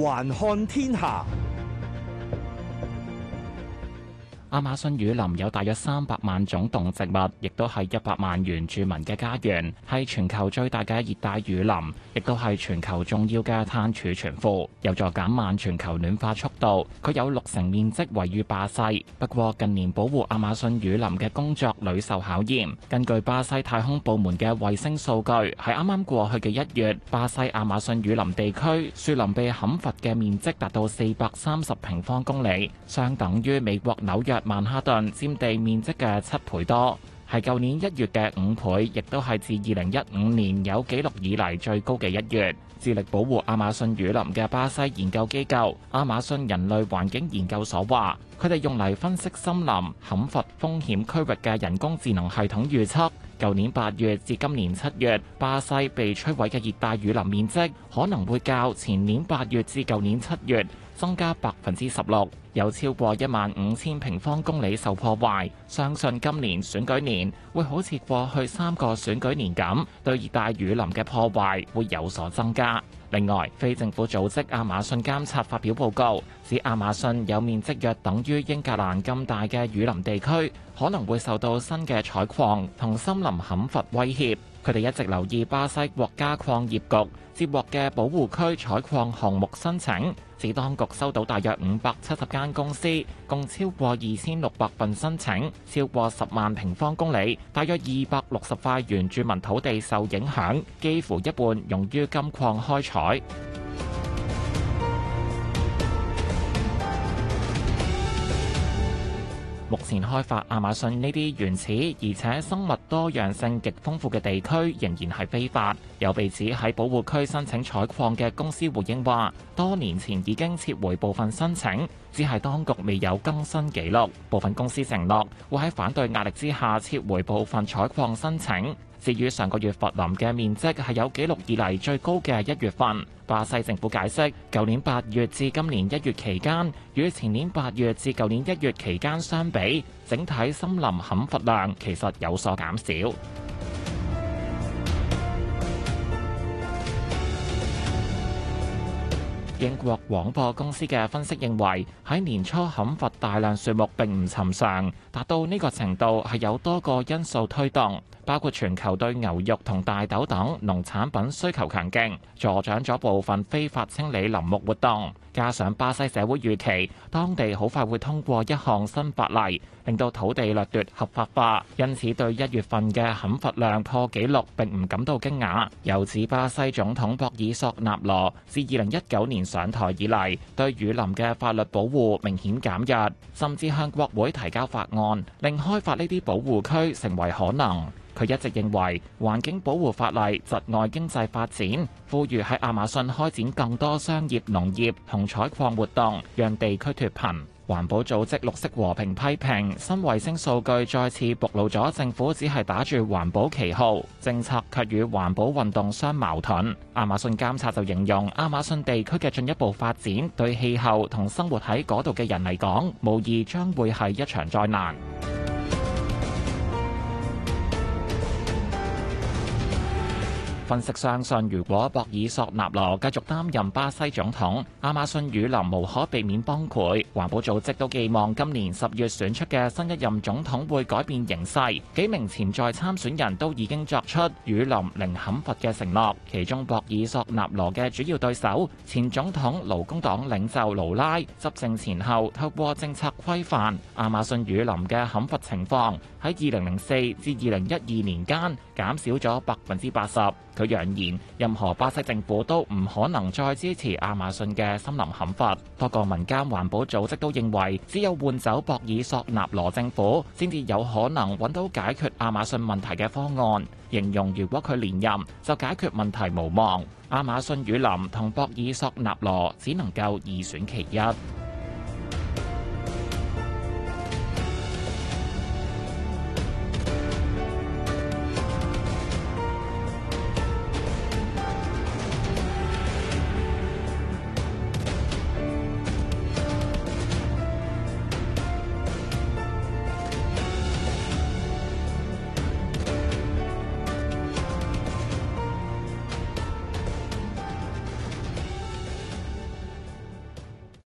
環看天下。亞馬遜雨林有大約三百萬種動植物，亦都係一百萬原住民嘅家園，係全球最大嘅熱帶雨林，亦都係全球重要嘅碳儲存庫，有助減慢全球暖化速度。佢有六成面積位於巴西，不過近年保護亞馬遜雨林嘅工作屢受考驗。根據巴西太空部門嘅衛星數據，喺啱啱過去嘅一月，巴西亞馬遜雨林地區樹林被砍伐嘅面積達到四百三十平方公里，相等於美國紐約曼哈頓佔地面積嘅七倍多，係舊年一月嘅五倍，亦都係自二零一五年有記錄以嚟最高嘅一月。致力保護亞馬遜雨林嘅巴西研究機構亞馬遜人類環境研究所話，佢哋用嚟分析森林砍伐風險區域嘅人工智能系統預測，舊年八月至今年七月，巴西被摧毀嘅熱帶雨林面積可能會較前年八月至舊年七月。增加百分之十六，有超過一萬五千平方公里受破壞，相信今年選舉年會好似過去三個選舉年咁，對熱帶雨林嘅破壞會有所增加。另外，非政府組織亞馬遜監察發表報告，指亞馬遜有面積約等於英格蘭咁大嘅雨林地區可能會受到新嘅採礦同森林砍伐威脅，佢哋一直留意巴西國家礦業局接獲嘅保護區採礦項目申請。指當局收到大約五百七十間公司，共超過二千六百份申請，超過十萬平方公里，大約二百六十塊原住民土地受影響，幾乎一半用於金礦開採。目前開發亞馬遜呢啲原始而且生物多樣性極豐富嘅地區，仍然係非法。有被指喺保護區申請採礦嘅公司回應話，多年前已經撤回部分申請，只係當局未有更新紀錄。部分公司承諾會喺反對壓力之下撤回部分採礦申請。至於上個月伐林嘅面積係有紀錄以來最高嘅一月份。巴西政府解釋，舊年8月至今年1月期間，與前年8月至舊年1月期間相比，整體森林砍伐量其實有所減少。英國廣播公司嘅分析認為，喺年初砍伐大量樹木並唔尋常，達到呢個程度係有多個因素推動。 包括全球對牛肉同大豆等農產品需求強勁，助長咗部分非法清理林木活動。加上巴西社會預期，當地好快會通過一項新法例，令到土地掠奪合法化。因此，對一月份嘅砍伐量破紀錄並唔感到驚訝。由此，巴西總統博爾索納羅自二零一九年上台以嚟，對雨林嘅法律保護明顯減弱，甚至向國會提交法案，令開發呢啲保護區成為可能。佢一直認為環境保護法例窒礙經濟發展，呼籲喺亞馬遜開展更多商業農業同採礦活動，讓地區脫貧。環保組織綠色和平批評，新衛星數據再次暴露咗政府只係打住環保旗號，政策卻與環保運動相矛盾。亞馬遜監察就形容，亞馬遜地區嘅進一步發展對氣候同生活喺嗰度嘅人嚟講，無疑將會係一場災難。分析相信，如果博爾索納羅繼續擔任巴西總統，亞馬遜雨林無可避免崩潰。環保組織都寄望今年十月選出嘅新一任總統會改變形勢。幾名潛在參選人都已經作出雨林零砍伐嘅承諾。其中，博爾索納羅嘅主要對手、前總統勞工黨領袖盧拉執政前後，透過政策規範亞馬遜雨林嘅砍伐情況，喺二零零四至二零一二年間減少咗百分之八十。佢揚言，任何巴西政府都唔可能再支持亞馬遜嘅森林砍伐。多個民間環保組織都認為，只有換走博爾索納羅政府，先至有可能揾到解決亞馬遜問題嘅方案。形容如果佢連任，就解決問題無望。亞馬遜雨林同博爾索納羅只能夠二選其一。